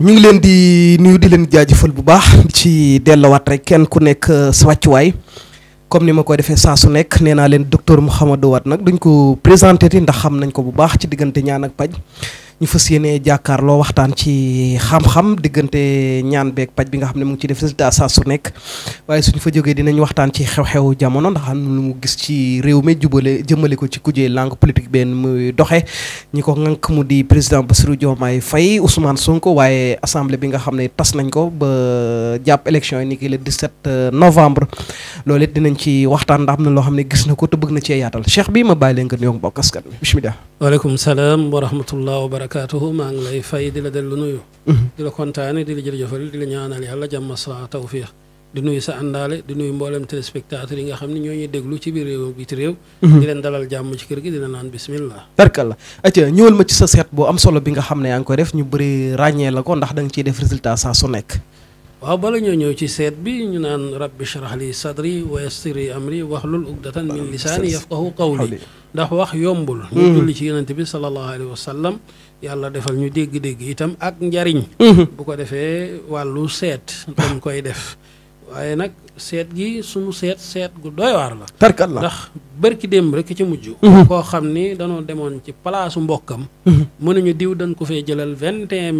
ñu ngi leen di nuyu di leen jaajëfal bu baax ci delluwaat rek kenn ku nekk euh, si wàccuwaay comme ni ma koy defee saa su nekk nee naa leen docteur Mouhamadou Wade nag duñ ko présenté yi ndax xam nañ ko bu baax ci diggante ñaan ak paj ñu fas yéene jàkkaarloo waxtaan ci xam-xam diggante ñaan beeg paj bi nga xam ne mu ngi ci def résultat saa su nekk waaye suñu fa jógee dinañ waxtaan ci xew-xew jamono ndax am lu mu gis ci réew mi jubale jëmale ko ci kujee langue politique benn muy doxe ñi ko ŋànk mu di président Bassirou Diomaye Faye Ousmane sunk waaye assemblée bi nga xam ne tas nañ ko ba jàpp élection yi ni ki le set euh, novembre loolu dinañ ci waxtaan ndax am na loo xam ne gis na ko bëgg na cee yaatal cheikh bi ma bàyyi leen nga nuyoog mbokk askan bi bismillah barakaatuhu maa ngi lay fay di dellu nuyu mm-hmm. di la kontaane di la jërëjëfal di la jàmm sa tawfiix di nuyu mboolem téléspectateur yi nga xam ne ñoo ñuy déglu ci biir réew bi ci réew mm-hmm. di leen dalal jàmm ci kër gi dina naan bismillah barkalla atia ñëwal ma ci sa seet bu am solo bi nga xam ne yaa ngi koy def ñu bëri ràññee la ko ndax da nga ciy def résultat saa su nekk waaw bala ñoo ñëw ci seet bi ñu naan rabbi shrah li sadri wa yassir li amri wahlul uqdatan min lisaani yafqahu qawli ndax wax yombul mm-hmm. ñu julli ci yonente bi yàlla defal ñu dégg-dégg itam ak njariñ mhm. bu ko defee wàllu seet dañ koy def waaye nag seet gi suñu seet seet gu doy waar la tarkal la ndax bërki démb rek ci mujj mhm. koo xam ni danoo demoon ci palaasu mbokkam mënuñu mhm. diw dañ ko fee jëlal vingt et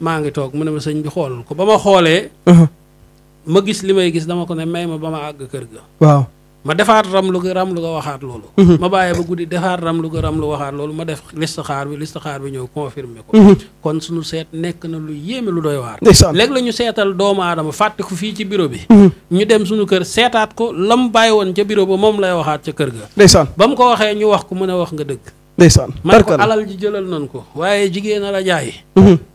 maa ngi toog mu ne ma sëñ bi xool ko ba ma xoolee ma gis li may gis dama ko ne may ma ba ma àgg kër ga ma defaat ramlu ga ramlu ga waxaat loolu mhm. ma bàyyi ba guddi defaat ramlu ga ramlu waxaat loolu ma def listixaar bi listixaar bi ñëw confirmer ko mhm. kon suñu seet nekk na lu yéeme lu doy waar léegi la ñu seetal doomu aadama fàtte ko fii ci bureau bi mhm. ñu dem suñu kër seetaat ko la mu bàyyi woon ca biro ba moom lay waxaat ca kër ga ndeysaan ba mu ko waxee ñu wax ko mu ne wax nga dëgg ndeysaan man ko alal ji jëlal nañ ko waaye jigéen a la jaay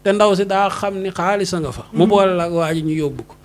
te ndaw si daa xam ni xaalis a mu boole la ak ñu yóbbu ko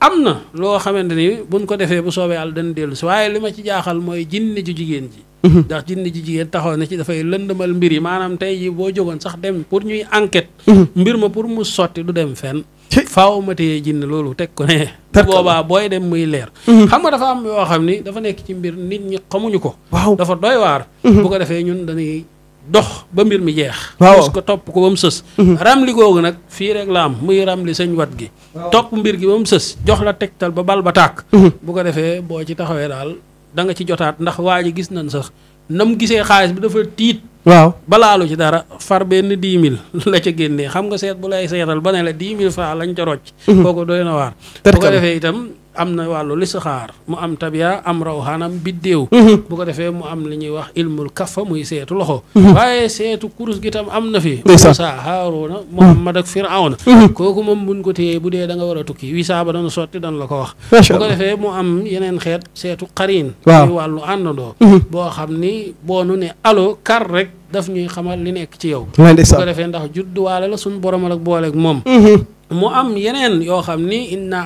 am na loo xamante ni buñ ko defee bu soobee yàlla dañ dellu si waaye li ma ci jaaxal mooy jinne ju jigéen ji mhm. ndax jinne ju jigéen taxaw na ci dafay lëndëmal mbir yi maanaam tey ji boo jógoon sax dem pour ñuy enquête mhm. mbir ma pour mu sotti du dem fen faw ma téye jinne loolu teg ko ne boobaa booy dem muy leer mhm. xam nga dafa am yoo xam ni dafa nekk ci mbir nit ñi xamuñu ko waaw dafa doy waar bu ko defee ñun dañuy dox ba mbir mi jeex waaw ko topp ko ba mu sës mhm. ramli googu nag fii rek la am muy ramli sëñ wat gi topp mbir gi ba mu sës jox la tegtal ba bal ba tàkk mhm. bu ko defee boo ci taxawee daal da nga ci jotaat ndax waa ji gis nañ sax na mu gisee xaalis bi dafa tiit waaw balaalu ci dara far benn dix mille la ca génnee xam nga seet bu lay seetal ba ne la dix mille francs lañ ca rocc mhm. kooku doy na waar bu ko defee itam am na wàllu listixaar mu am tabiya am raw xaanam biddéew mhm. bu ko defee mu am li ñuy wax ilmul kafa muy seetu loxo mhm. waaye seetu kurus gi tam am na fi Musa Haaruna mhm. Muhammad ak Firawna kooku moom bu dee da nga a tukki wi saaba dana sotti dana la ko wax bu ko defee mu am yeneen xeet seetu xariin muy daf ñuy xamal li nekk ci yow. bu ko defee ndax judduwaale la suñu borom ak booleeg moom. Mm-hmm. mu am yeneen yoo xam ni inna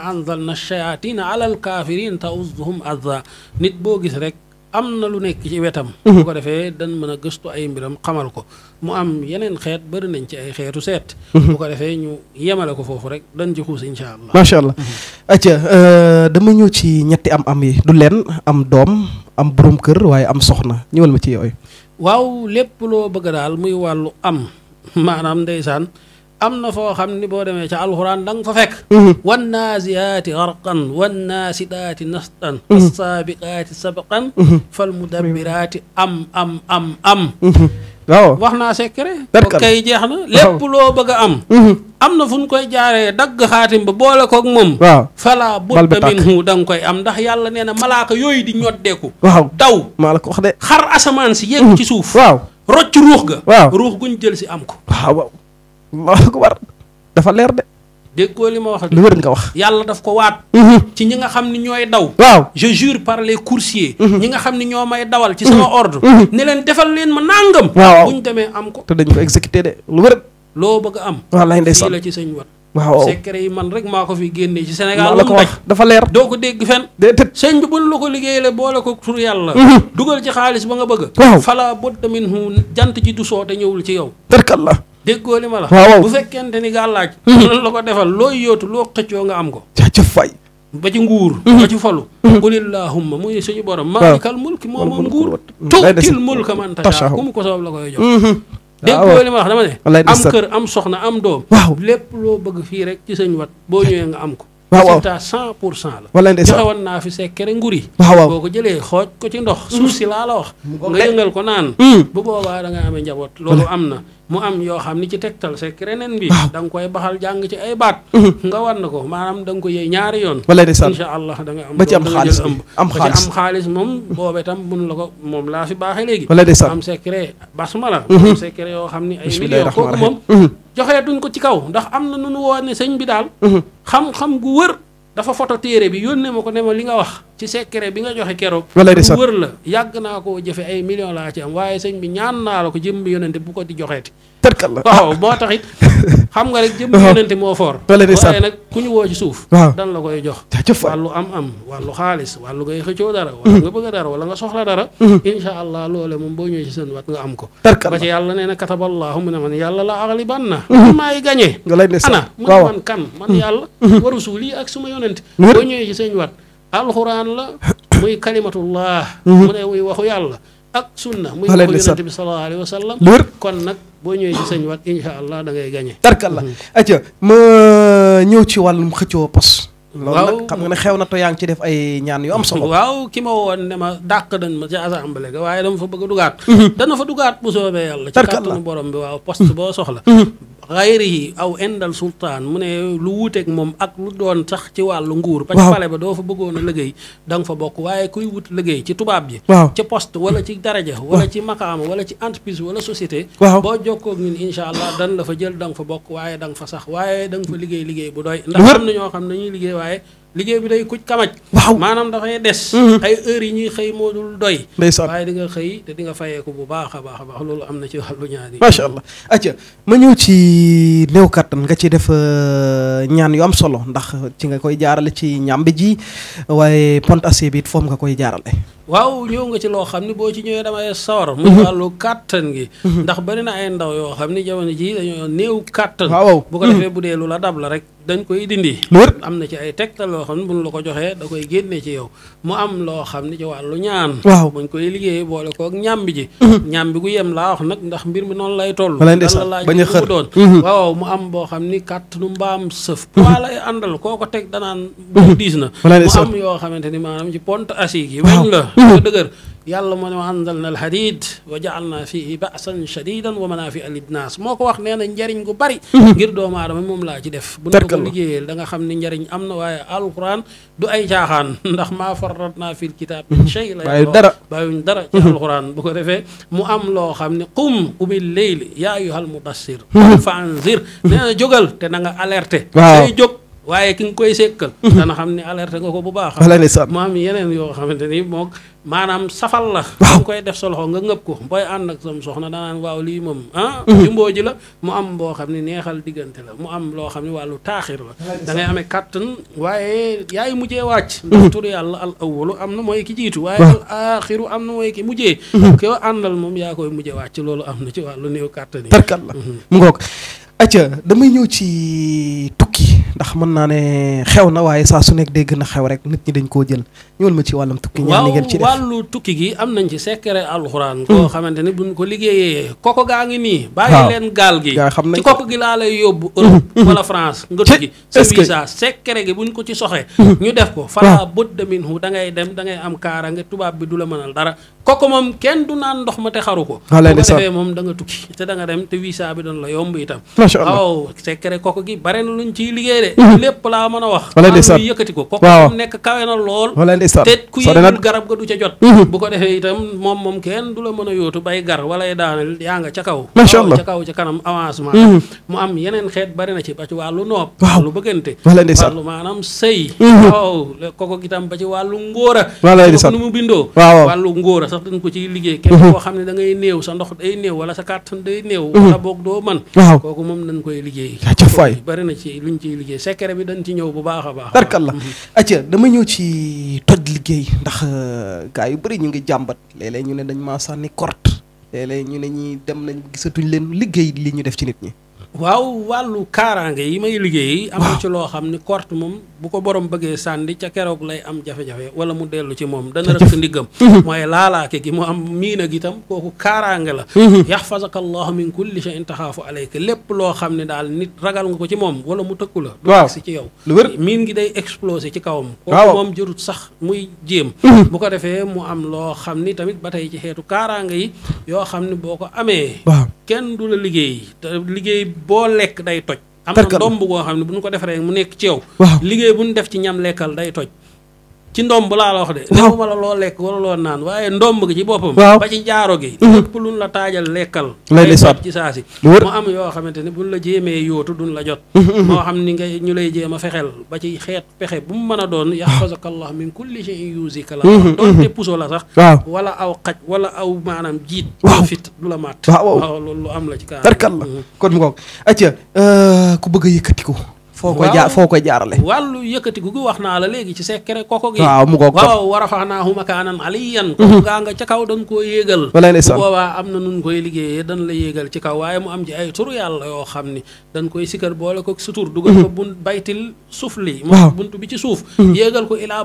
na shayatina alal kaafiriin ta'uzuhum azza nit boo gis rek. am na lu nekk ci wetam. mu mm-hmm. ko defee dañ mën a gëstu ay mbiram xamal ko mu am yeneen xeet bari nañ ci ay xeetu seet. mu mm-hmm. ko defee ñu yemale ko foofu rek dañ ci xuus incha allah. macha allah acca euh, dama ñëw ci ñetti am-am yi du leen am doom am borom kër waaye am soxna ñëwal ma ci yooyu. waaw lépp loo bëgg daal muy wàllu am maanaam ndeysaan am na foo xam ni boo demee ca alxuraan da fa fekk mhm. wan naasiyaati xarqan wan naasidaati nastan mhm. assaabiqaati sabqan mhm. fal mudabbiraati am am am am waaw wax naa secret kay jeex na lépp loo bëgg a am am na fu ñu koy jaaree dagg xaatim ba boole kook moom. falaa fala budda minhu da nga koy am ndax yàlla nee na malaaka yooyu di ñoddeeku. waaw daw maa la ko wax de. xar asamaan si yegg mm-hmm. ci suuf. waaw rocc ruux ga. waaw ruux guñ jël si am ko. waaw waaw maa la ko war dafa leer de. déggoo li ma wax lu wër nga wax yàlla daf ko waat mm-hmm. ci ñi nga xam ni ñooy daw waaw je jur par les coursiers mm-hmm. ñi nga xam ni ñoo may dawal ci sama ordre ne leen defal leen ma nàngam buñ demee am ko dañ ko exécuté loo bëgg a am. wallaay lay la ci sëñ wat waaw secret yi man rek maa ko fi génnee ci senegal la ko wax dafa leer doo ko dégg fen déedéet sëñ bi buñ la ko liggéeyale boole ko tur yàlla mhm. dugal ci xaalis ba nga bëgg waaw fala budda minhu jant ji du soo te ñëwul ci yow tarkal la déggoo li ma la waaw bu fekkente ni gàllaaj mhm. la ko defal looy yootu loo xëccoo nga am ko jaajëf fay ba ci nguur mhm. ba ci falu qulillahumma muy suñu borom maalikal mulki moom moom nguur tuutil mulka man tasha ku mu ko soob la koy jox dégg nga ah, ma wax dama ne am kër am soxna am doom waaw lépp loo bëgg fii rek ci sëñ wat boo ñëwee nga am ko waaw résultat pour cent la. wala ndeysaan joxewoon naa fi sekkere ngur yi. waaw boo ko jëlee xooj ko ci ndox. suuf si laa la wax. nga yëngal ko naan. Hmm. bu boobaa da nga amee njaboot. loolu am na mu am yoo xam ni ci tegtal sekkere nen bi. da nga koy baxal jàng ci ay baat. Hmm. nga war na ko maanaam da nga ko ñaari yoon. wala ndeysaan incha allah da nga am. ba ci am xaalis bi am xaalis xaalis moom. boobee tam mun la ko moom laa fi baaxee léegi. wala ndeysaan am sekkere basmala. Hmm. am sekkere yoo xam ni ay millions kooku moom joxeetuñ ko ci kaw ndax am na nu nu woo ne sëñ bi daal. Mhm. xam-xam gu wër dafa foto téere bi yónnee ma ko ne ma li nga wax. ci secret bi nga joxe keroog. wala risal wër la yàgg naa koo jëfe ay millions laa ci am la ko jëm bi yonente bu ko di joxeeti. tërkal la waaw moo tax it xam nga rek jëm yonente moo foor. wala risal waaye nag la koy jox. wàllu am-am wàllu xaalis wàllu ngay xëccoo dara. wala nga bëgg dara wala nga soxla dara. Mm-hmm. incha allah loole moom boo ñëwee ci seen wat nga am ko. tërkal la ba ci yàlla nee na kataballahu mu ne man yàlla la aghlibanna. Mm-hmm. man maay gañe. nga lay risal man kan man mm-hmm. yàlla. wa rasuuli ak suma yonente boo ñëwee ci seen wat alxuraan la muy kalimatullah mhm. mu ne muy waxu yàlla ak sunna muy waxu yonente bi sallallahu alayhi wa sallam kon nag boo ñëwee ci sëñ wat insha allah da ngay gañe la aca ma ñëw ci wàllum xëccoo pos loolu nag xam nga ne xew na to yaa ngi ci def ay ñaan yu am solo. waaw ki ma woon ne ma dàq dañ ma ci assemblée ga waaye dama fa bëgg a dugaat. Mhm. dana fa dugaat bu soobee yàlla. ci kàttanu borom bi waaw poste boo soxla. Mhm. yi aw indal sultaan mu ne lu wuuteeg moom ak lu doon sax ci wàllu nguur ba ci pale ba doo fa bëggoon a liggéey da nga fa bokk waaye kuy wut liggéey ci tubaab ji ci poste wala ci daraja wala ci makaama wala ci entreprise wala société boo jokkoo ak ñun insha allah dan la fa jël da nga fa bokk waaye da fa sax waaye da nga fa liggéey liggéey bu doy ndax am na ñoo xam ne ñuy liggéey waaye liggéey bi day kuc kamaj waaw maanaam dafay des mm-hmm. ay heures yi ñuy xëy moo dul doy ndeysaan waaye di nga xëy te di nga fayeeku bu baax a baax a baax loolu am na ci wàllu yi macha allah acca ma ñëw ci néew kattan nga ci def euh, ñaan yu am solo ndax ci nga koy jaarale ci bi ji waaye ponte acier bi foofu nga koy jaarale waaw ñëw nga ci loo xam ne boo ci ñëwee damay sawar mhm. muy wàllu kàttan gi mhm. ndax bari na ay ndaw yoo xam ne jamono ji dañoo new kàttan waaw bu ko defee mhm. bu dee lu la dab la rek dañ koy dindi am na ci ay tegtal loo xam ne bu la ko joxee da koy génne ci yow mu am loo xam ne ci wàllu ñaan waaw buñ koy boole koog ñàmbi ji ñàmbi gu yem laa nag ndax mbir mi noonu lay toll lan la laaj bu doon waaw mu am boo xam ni kàttanu mbaam sëf poids lay àndal koo ko teg danaan diis na mu am yoo xamante ni maanaam ci ponte asique yi weñ la dafa mhm. dëgër yàlla moo ne wa àndal na alhadid wa jaal naa fihi basan shadidan wa manaafi alidnaas moo ko wax nee na njariñ gu bari mhm. ngir doomu aadama moom laa ci def bu ñu ko liggéeyee da nga xam ne njariñ am na waaye alquran du ay caaxaan ndax maa farrat naa fil kitaab min mhm. shay la bàyyi dara mu am loo xam ne qum qumil leyli yaa ayyuhal mudassir fa anzir nee na jógal te na nga alerté waaw waaye ki nga koy sekkal mhm. dana xam ne alerte nga ko bu baax mu am yeneen yoo xamante ni moom maanaam safal la da nga koy def sa loxo nga ngëb ko booy ànd ak sam soxna danaan waaw lii moom ah jumboo mhm. ji la mu am boo xam ne neexal diggante la mu am loo xam ne wàllu taaxir la da ngay amee kàttan waaye yaay mujjee wàcc mhm. ndax tur yàlla al awalu am na mooy ki jiitu waaye al am na mooy ki mujjee koo àndal moom yaa koy mujjee wàcc loolu am na ci wàllu néew kàttan yi tarkat la mu ngoog acca damay ñëw ci tukki ndax mën naa ne xew na waaye saa su nekk day gën a xew rek nit ñi dañ koo jël ñëwal ma ci wàllu tukki gi am nañ ci secret alxuraan koo hmm. xamante ne buñ ko liggéeyee koko gaa ngi nii bàyyi leen gaal gi ci koko gi laa lay yóbbu Europe hmm, hmm, wala France nga tukki sa gi buñ ko ci soxee ñu def ko fala budda minhu da ngay dem da ngay am kaara nga tubaab bi du la mënal dara koko moom kenn du naan ndox ma te xaru ko bu ko defee moom da nga tukki te da nga dem te visa bi doon la yomb itam waaw secret koko gi bare na luñ ciy liggéey de de mhm. lépp laa mën a wax am yëkkati ko kooku mu nekk kawe na lool te ku yëgul garab ga du ca jot mhm. bu ko defee itam moom moom kenn du la mën a yóotu bay gar walay daanel yaa nga ca kaw macha allah ca kaw ca kanam avancement mhm. mu am yeneen xeet bari na ci ba ci wàllu noob wàllu bëggante wàllu maanaam sëy waaw kooku itam ba ci wàllu ngóora nu mu bindoo wàllu ngóora sax dañ ko ciy liggéey kenn koo xam ne da ngay néew sa ndox day néew wala sa kàttan day néew wala boog doo man kooku moom dañ koy liggéey secret bi dañ ci ñëw bu baax a baax. barkallah acca dama ñëw ci toj liggéey ndax euh, gaa yu bëri ñu ngi jàmbat léeg ñu ne dañ maa sànni korte léeg ñu ne ñi dem nañ gisatuñ leen liggéey li ñu def ci nit ñi. waaw wàllu kaaraange yi may liggéey. am na ci loo xam ni korte moom bu ko borom bëggee sànni ca keroog lay am jafe-jafe wala mu dellu ci moom. dana rëkk ndiggam. mooy mhm. laalaake gi mu am miina gi kooku kaaraange la. Mhm. yaxfazaka allahu min kulli shay'in taxaafu alayka lépp loo xam ne daal nit ragal nga ko ci moom wala mu tëkku la. waaw si ci yow. lu wér miin gi day explosé ci kawam. waaw kooku moom jërut sax muy jéem. Mhm. bu ko defee mu am loo xam ni tamit ba tey ci xeetu kaaraange yi yoo xam ne boo ko amee. kenn du la liggéey te liggéey boo lekk day toj am na domb goo xam ne bu ñu ko defaree mu nekk ci yow liggéey bu ñu def ci ñam lekkal day toj ci ndomb laa la wax de. waaw la loo lekk wala loo naan waaye ndomb gi ci boppam. ba ci jaaro gi. Mhm. lépp la taajal lekkal. lay li sot ci saa si. am yoo xamante ne buñ la jéemee yóotu duñ la jot. Mhm, mhm. moo xam ni nga ñu lay jéem a fexeel ba ci xeet pexe bu mu mën a doon. Ah. yaxfazaka Allah min kulli shay'in yuzika la. doonte puso la sax. waaw wala aw xaj wala aw maanaam jiit. waaw fit du la mat. loolu lu am la ci kaa. tarkalla kon mu ngoog acca euh, ku bëgg a ko. foo ko jaar foo ko jaarale wàllu yëkkati gu wax naa la léegi ci secret koko gi waaw mu ko waaw war a fax naa huma kaanan aliyan mhm. koko gaa nga ca kaw dañ koo yéegal walaay ndeysaan boobaa am na nun koy liggéeyee dañ la yéegal ci kaw waaye mu am ci ay turu yàlla yoo xam ni dañ koy sikkar boole ko sutur dugal ko mhm. bunt baytil mhm. ko ilaa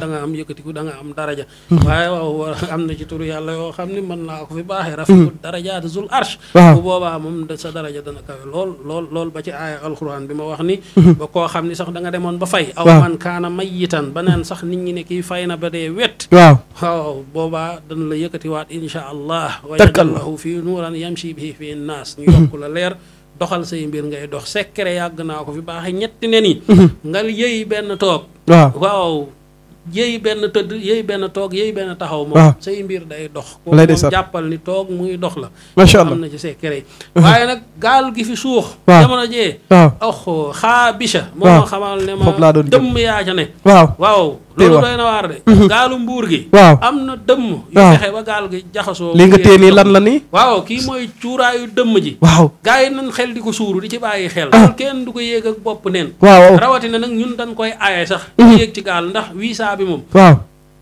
da nga am yëkkati gu da nga am daraja waaye waaw am na ci turu yàlla yoo xam ni mën naa ko fi baaxee rafiu darajaat zul arsh bu boobaa moom sa daraja dana kawe lool lool ba ci aaya alxuraan bi ma wax ni ba koo xam ni sax danga nga demoon ba fay aw man kaana mayitan ba neen sax nit ñi ne kii fay na ba dee wet waaw waaw boobaa dana la yëkkati yëkkatiwaat insha allah wa yaj'alahu fi nuuran yamshi bihi fi nnaas ñu yokk la leer doxal say mbir ngay dox secret yàgg naa ko fi baaxe ñetti nen yi nga yëy benn toog waaw yéy benn tëdd yéy benn toog yéy benn taxaw moom ah. say mbir day dox ko moom jàppal ni toog muy dox la macha allah am na ci secret waaye nag gaal gi fi suux ah. jamono jee waaw ah. oh xaa bicha moo ma xamal ne ma dëmm yaa ca ne waaw tey wax loolu doy na waar de. Mhm. gaalu mbuur gi. waaw am na dëmm. waaw yu fexe ba gaal gi jaxasoo. li nga tee nii lan la nii. waaw kii mooy cuuraayu dëmm ji. waaw gars yi nañ xel di ko suuru di ci bàyyi xel. Ah. loolu kenn du ko yéeg ak bopp nen waaw rawatina nag ñun dañ koy aaye sax. Mhm. yéeg ci gaal ndax visa bi moom. waaw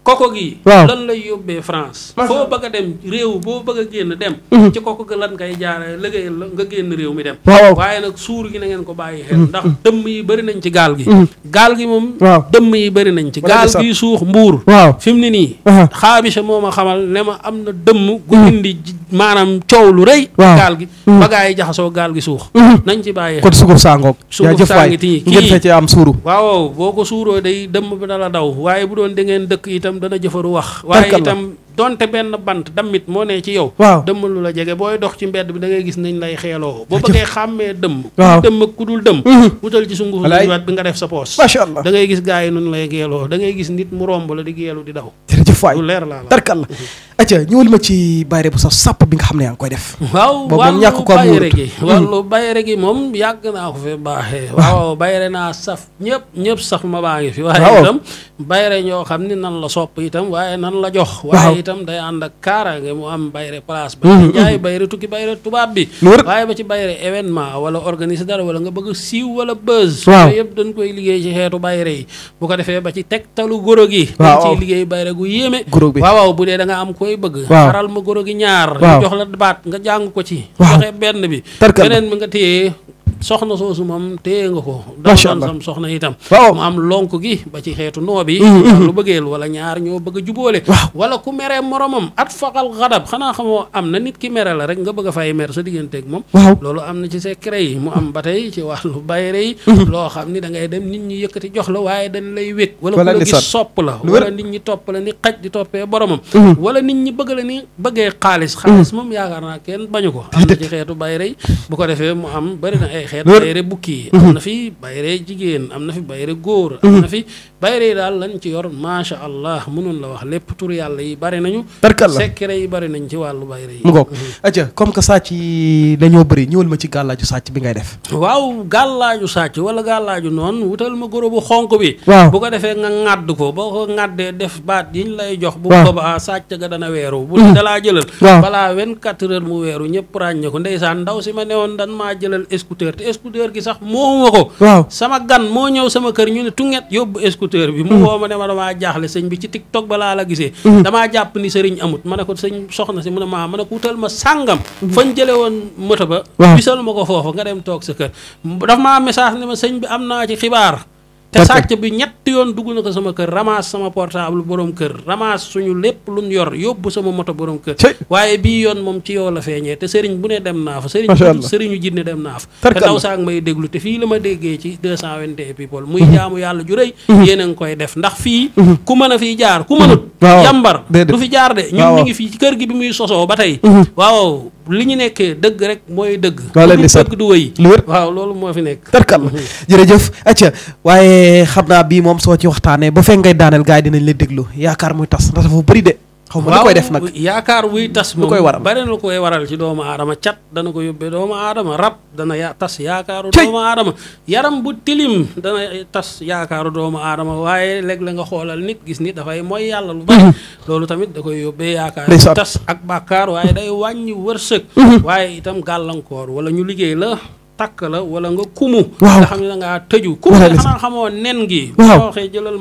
koko gi waaw lan lay yóbbee France foo bëgg a dem réew boo bëgg a génn dem mhm. ci koko gi lan ngay jaare liggéey la nga génn réew mi dem waaye nag suur gi na ngeen ko bàyyi xel mhm. ndax dëmm yi bëri nañ ci gaal gi mhm. gaal gi moom dëmm yi bëri nañ ci gaal gi suux mbuur waaw fi nii xaabisa moo ma xamal ne ma am na dëmm gu indi maanaam coow lu rëy. gaal gi mm. ba yi jaxasoo gaal gi suux. Mm-hmm. nañ ci bàyyi kon sugub saangoog. sugub saangi tii kii ngeen fecce am suuru. waaw boo ko suuroo day dëmm bi dala daw waaye bu doon da ngeen dëkk itam dana jëfaru wax. waaye itam donte benn bant damit moo ne ci yow. waaw dëmm lu la jege booy dox ci mbedd bi da ngay gis nañ lay xeeloo. boo bëggee xàmmee dëmm. waaw dëmm ku dul dëmm. Mm-hmm. wutal ci sungufu wet bi nga def sa poos. macha allah da ngay gis gaa yi nu lay geeloo da ngay gis nit mu romb la di geelu di daw faay tarkal la acca ñëwal ma ci bayre bu saf sàpp bi nga xam ne yaa ngi koy def waaw wàllu bayre gi wàllu mm. bayre gi moom yàgg naa ko fi baaxee waaw bayre naa saf ñëpp ñëpp saf ma baa ngi fi waaye bayre ñoo xam ni nan la sopp itam waaye nan la jox waaye itam day ànd ak kaaraange mu am bayre place ba mm-hmm, jaay mm-hmm. bayre tukki bayre tubaab bi waaye ba ci bayre événement wala organiser dara wala nga bëgg siiw wala buzz waaw yëpp dañ koy liggéey ci xeetu bayre yi bu ko ba yéeme goro bi waaw waaw bu dee da nga am koy bëgg xaral ma goro gi ñaar ñu jox la baat nga jàng ko ci joxe benn bi beneen soxna soosu moom téye nga ko dafa doon sam soxna itam mu am lonk gi ba ci xeetu noob yi mhm, mhm. lu bëggeel wala ñaar ñoo bëgg a jubóole wala ku mere moromam at faqal xadab xanaa xamoo am na ki la rek nga bëgg a fay mer sa digganteeg moom loolu am na ci secret yi mu am ba tey ci wàllu bayre yi mhm. loo xam ni da ngay dem nit ñi yëkkati jox la waaye dañ lay wékk wala ku la gis sopp la wala nit ñi topp la ni xaj di toppee boromam wala nit ñi bëgg la ni bëggee xaalis xaalis moom yaakaar naa kenn bañu ko am na ci xeetu bayre yi bu ko defee mu am bari xeet bayre bukki mhm. am na fi bayre jigéen am na fi bayre góor am mhm. na fi bayre yi daal lañ ci yor macha allah mënun wax lépp tur yàlla yi bari nañu tarkal la secret yi bari nañ ci wàllu bayre yi mu ngoog mhm. ma ci gàllaaju sàcc bi ngay def waaw gàllaaju sàcc wala gàllaaju noonu wutal ma goro bu xonk bi waaw bu ko defee nga ŋàdd ko boo ko ŋàddee def baat yiñ lay jox bu boobaa sàcc ga dana weeru bu ne dalaa jëlal balaa 24 heures mu weeru ñëpp ràññe ko ndeysaan ndaw si ma newoon dan maa jëlal écouteur te scooter gi sax moomuma ko. sama gan moo ñëw sama kër ñu ne tunget yóbbu scooter bi. mu mm-hmm. woo ma ne ma damaa jaaxle sëñ bi ci tik TikTok balaa la gisee. Mm-hmm. damaa jàpp ni sëriñ amut ma ne ko sëñ soxna si mu ne maa ma ne ko wutal ma sàngam. Mm-hmm. fañ jële woon moto ba. waaw bisal ma ko foofa nga dem toog sa kër. dafa maa message ne ma sëñ bi am naa ci xibaar. te sàcc bi ñett yoon dugg na ko sama kër ramasse sama portable borom kër ramasse suñu lépp luñ yor yóbbu sama moto borom kër waaye bii yoon moom ci yow la feeñee te sëriñ bu ne dem naa fa sëriñ sëriñu jinne dem naa fa te daw saak may déglu te fii la ma déggee ci 221 people muy mhm. jaamu yàlla ju rëy mhm. yéen a ngi koy def ndax fii mhm. ku mën a fi jaar ku mënut jàmbar du fi jaar de ñun ñu ngi fii ci kër gi bi muy sosoo ba tey waaw li ñu nekkee dëgg rek mooy dëgg. loolu dëgg du wéy lu wér waaw loolu moo fi nekk. tarkal mhm. jërëjëf acca waaye xam naa bii moom soo ci waxtaanee ba fekk ngay daaneel gars yi dinañ la déglu yaakaar muy tas ndax dafa bëri de. xaw ma lu def nag yaakaar buy tas moom lu koy waral bari na lu koy waral ci doomu aadama cat dana ko yóbbee doomu aadama rab dana ya tas yaakaaru doomu aadama yaram bu tilim dana tas yaakaaru doomu aadama waaye léeg la nga xoolal nit gis nit dafay mooy yàlla lu bari mm-hmm. loolu tamit da koy yóbbee yaakaar tas ak bàkkaar waaye day wàññi wërsëg mm-hmm. waaye itam gàllankoor wala ñu liggéey la takk la wala nga kumu nga xam ne da ngaa tëju kumu nga xanaa xamoo nen gi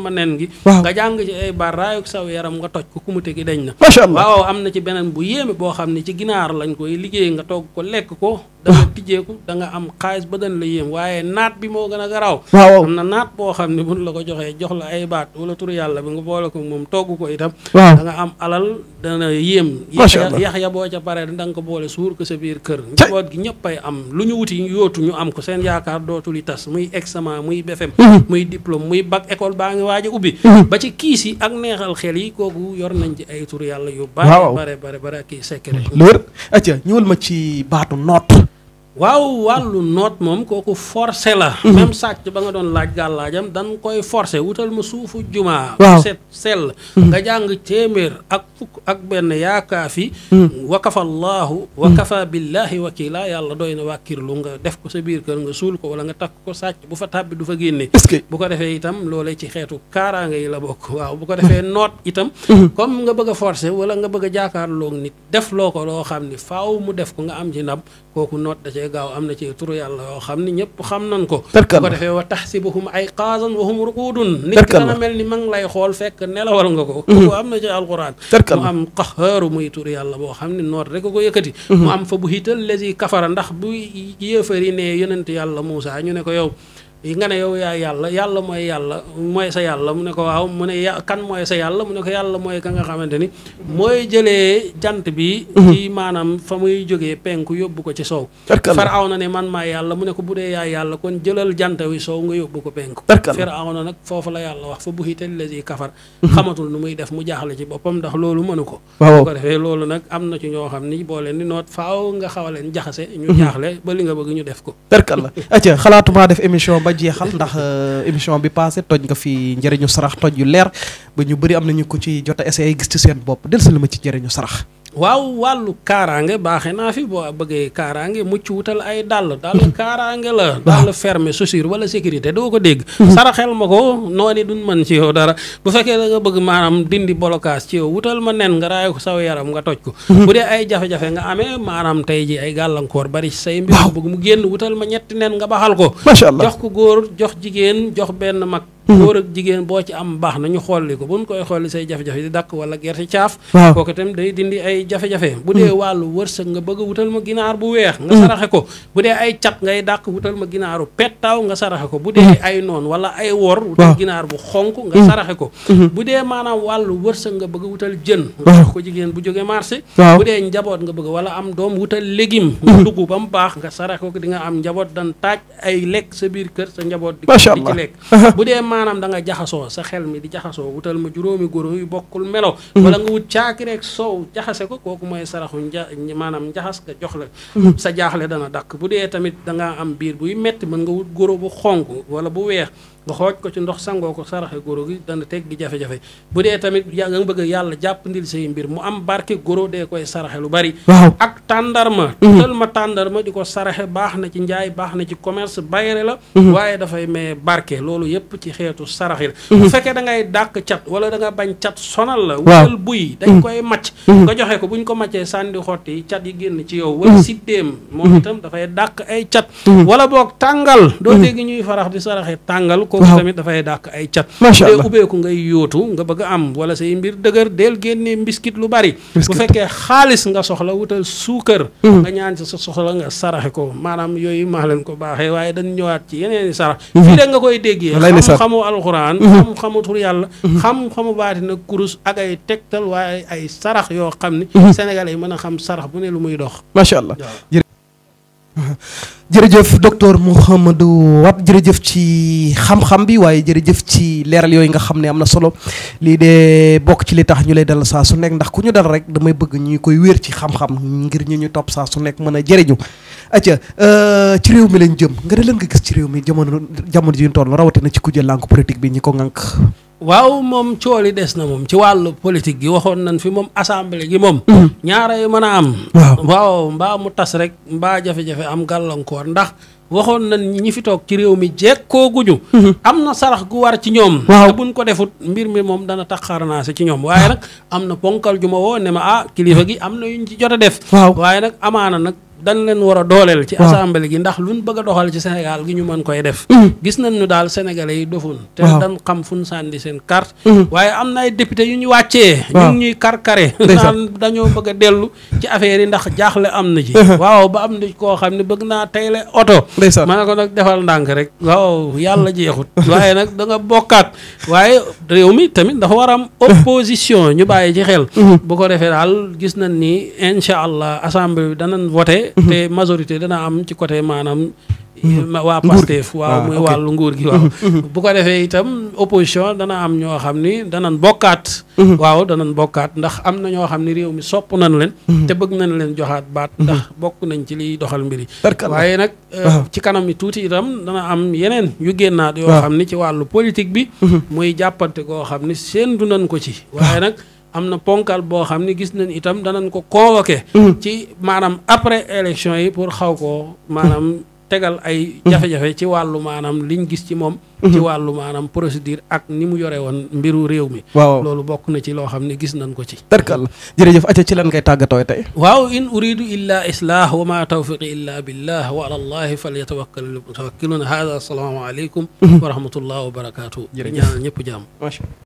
ma nen gi nga jàng ci ay baar raayug saw yaram nga toj ko kumute gi dañ na masha Allah waaw am na beneen bu boo xam ne ci ginaar lañ koy liggéey nga togg ko lekk ko da nga tijjeeku am xaalis ba dañ la yéem waaye naat bi moo gën a garaaw am na naat boo xam ne buñ la ko joxee jox la ay baat wala turu yàlla bi nga boole ko moom togg ko itam da am alal dana yéem yaxya boo ca pare da nga ko boole suur ko sa biir kër njaboot gi ñëpp ay am lu ñu wuti yootu ñu am ko seen yaakaar dootuli tas muy examen muy BFEM mhm. muy diplôme muy bac école baa ngi waaj a ubbi mhm. ba ci kiis yi ak neexal xel yi kooku yor nañ ci ay tur yàlla yu bare bare bare bare ak i secret lër acca ñëwal ma ci baatu noot waaw wàllu noot moom kooku forcé la. Mhm. même sàcc ba nga doon laaj gàllaajam dañ koy forcé wutal ma suufu jumaa. waaw set sell. Mhm. nga jàng téeméer ak fukk ak benn yaakaar fi. Mhm. wakafa allahu. wakafa billahi wakila yàlla doy na wàkkirlu nga def ko sa biir kër nga suul ko wala nga takk ko sàcc bu fa tàbbi du fa génne. bu ko defee itam loola ci xeetu kaaraanga yi la bokk. waaw bu ko defee noot itam. comme nga bëgg a forcé wala nga bëgg a jaakaarloo nit def loo ko loo xam ni faaw mu def ko nga am ci kooku noot gën a gaaw am na ci turu yàlla yoo xam ni ñëpp xam nan ko bu ko defee wa taxsibuhum ayqaazan wa hum ruquudun nit ki dana mel ni ma lay xool fekk nelawal nga ko mhm. kooku am na ci alquran mu am qaxaaru muy turu yàlla boo xam ne noot rek ko yëkkati mhm. mu am fa bu hital lazi kafara ndax bu yéefari ne yonent yàlla Muusa ñu ne ko yow nga ne yow yaa yàlla yàlla mooy yàlla mooy sa yàlla mu ne ko waaw mu ne ya kan mooy sa yàlla ko yàlla mooy ka nga xamante ni mooy jëlee jant bi mhm. ci maanaam fa muy jógee penk yóbbu ko ci soow sow Firawna ne man maa yàlla mu ne ko bu dee yaa yàlla kon jëlal jant wi sow nga yóbbu ko penku Firawna nag foofu la yàlla wax fa buhita lazi kafar xamatul nu muy def mu jaaxle ci boppam ndax loolu mënu ko bu ko defee loolu nag am na ci ñoo xam ni boo leen di noot faw nga xaw a leen jaxase ñu jaaxle ba li nga bëgg ñu def ko ba jeexal ndax euh, émission bi passé toj nga fi njëriñu sarax toj yu leer ba ñu bëri am nañu ko ci jot a essayé gis ci seen bopp del si la ma ci njëriñu sarax waaw wàllu kaaraange baaxe naa fi boo bëggee kaaraange mucc wutal ay dàll dàll hmm. kaaraange la ah. dàll fermé chaussure wala sécurité doo ko dégg hmm. saraxel ma ko nooni dun mën ci yow dara bu fekkee da nga bëgg maanaam dindi bolokaas ci yow wutal ma nen nga raay ko saw yaram nga toj ko hmm. bu dee ay jafe-jafe nga amee maanaam tey ji ay gàllankoor bari ci say mbir bëgg mu génn wutal ma ñetti nen nga baxal ko jox ko góor jox jigéen jox benn mag Mhm. góor ak jigéen boo ci am baax nañu ñu xolli ko buñ koy xolli say jafe-jafe di dakk wala gerte caaf kooku itam day dindi ay jafe-jafe bu dee mhm. wàllu wërsëg nga bëgg wutal ma ginaar bu weex nga mhm. ko bu dee ay cat ngay dàq wutal ma ginaaru pettaaw nga saraxe ko bu dee ay noon wala ay wor ginaar bu xonk nga ko bu dee maanaam wàllu wërsëg nga bëgg wutal jën nga ko jigéen bu jóge marché bu dee njaboot nga bëgg wala am doom wutal légume nga dugg ba mu baax nga saraxe ko di nga am njaboot dan taaj ay lekk sa biir kër sa njaboot di ci lekk bu dee maanaam danga jaxasoo sa xel mi di jaxasoo wutal ma juróomi goro yu bokkul melo hmm. wala nga wut caaki rek soow jaxase ko kooku mooy saraxu nja maanaam njaxas nga jox la hmm. sa jaaxle dana dakk bu dee tamit danga am biir buy metti mën nga wut goro bu xonk wala bu weex nga xooj ko ci ndox sangoo ko saraxe goro gi dana teggi jafe-jafe bu dee tamit yaa nga bëgg yàlla jàpp ndil say mbir mu am barke goro dee koy saraxe lu bari ak tàndarma mhm. tël ma tàndarma di ko saraxe baax na ci njaay baax na ci commerce bayre la mhm. waaye dafay maye barke loolu yépp ci xeetu sarax la mhm. bu fekkee da ngay dàq cat wala da nga bañ cat sonal la wutal buy dañ koy macc nga joxe ko bu ñu ko maccee sànni xotti yi cat yi génn ci yow wala siddeem moom itam kooku tamit dafay dàq ay cat dee ubbeeku ngay yootu nga bëgg am wala say mbir dëgër deel génne mbiskit lu bari bu fekkee xaalis nga soxla wutal suukar mhm. nga ñaan ci sa soxla nga saraxe ko maanaam yooyu maa leen ko baaxee waaye dañ ñëwaat ci yeneeni sarax mhm. fii de nga koy déggee xam-xamu alxuraan mhm. xam-xamu tur yàlla xam-xamu baati nag kurus ak ay tegtal waaye ay sarax yoo xam ne sénégalais yi mën a xam sarax bu ne lu muy dox macha allah jërëjëf docteur Mouhamadou Wade jërëjëf ci xam-xam bi waaye jërëjëf ci leeral yooyu nga xam ne am na solo lii de bokk ci li tax ñu lay dal saa su nekk ndax ku ñu dal rek damay bëgg ñu koy wéer ci xam-xam ngir ñu ñu topp saa su nekk mën a jëriñu. acca euh, ci réew mi lañ jëm nga ne lan nga gis ci réew mi jamono jamono ji ñu toll rawatina ci jël lànk politique bi ñu ko ŋànk. waaw moom cool yi des na moom ci wàll politique gi waxoon nañ fi moom assemblée gi moom. Mhm. ñaara mën a am. waaw waaw rek mbaa jafe am gàllankoor. d'accord ndax waxoon na ñi fi toog ci réew mi jekkoo guñu mhm. am na sarax gu war ci ñoom te buñ ko defut mbir mi moom dana taxarnaase ci ñoom waaye nag am na ponkal ju ma woo ne ma ah kilifa gi am na yuñ ci jot a def waaye nag amaana nag dañ leen war a dooleel ci assemblée gi ndax luñ bëgg doxal ci Sénégal gi ñu mën koy def mm. gis nañ ñu daal sénégalais yi dofun te dañ xam fu ñu sànni seen carte mm. waaye am na ay député yu ñu wàccee ñu ngi ñuy karkare naan dañoo bëgg dellu ci affaire yi ndax jaaxle am na ci uh-huh. waaw ba am na koo xam ne bëgg naa tey la oto ma ne ko nag defal ndànk rek waaw yàlla jeexut waaye nag danga nga bokkaat waaye réew mi tamit dafa war am uh-huh. opposition ñu bàyyi ci xel mm-hmm. bu ko defee daal gis nañ ni incha allah assemblée bi danañ majorité. te majorité dana am ci côté maanaam. waa Pastef waaw ah, muy wàllu nguur gi bu ko defee itam opposition dana am ñoo xam ni danañ bokkaat mm-hmm. waaw danañ bokkaat ndax am na ñoo xam ni réew mi sopp nañ leen mm-hmm. te bëgg nañ leen joxaat baat mm-hmm. ndax bokk nañ ci liy doxal mbir yi waaye nag euh, ah. ci kanam mi tuuti itam dana am yeneen yu génnaat yoo ah. xam ni ci wàllu politique bi muy jàppante koo xam ni seen du nañ ko ci waaye nag am na ponkal boo xam ni gis nañ itam danañ ko convoqué. Mm-hmm. ci maanaam après élection yi pour xaw ko maanaam tegal ay mm-hmm. jafe-jafe ci wàllu maanaam liñ gis ci moom mm-hmm. ci wàllu maanaam procédure ak ni mu yore woon mbiru réew mi waaw loolu bokk na ci loo xam ne gis nañ ko ci tarkal jërëjëf acca ci lan ngay tàggatoo tey waaw in uridu illa islah wa ma tawfiqi illa billah wa ala allahi falyatawakkal mutawakkilun hada assalaamu aleykum wa rahmatullah wa barakatuh jërëjëf a ñëpp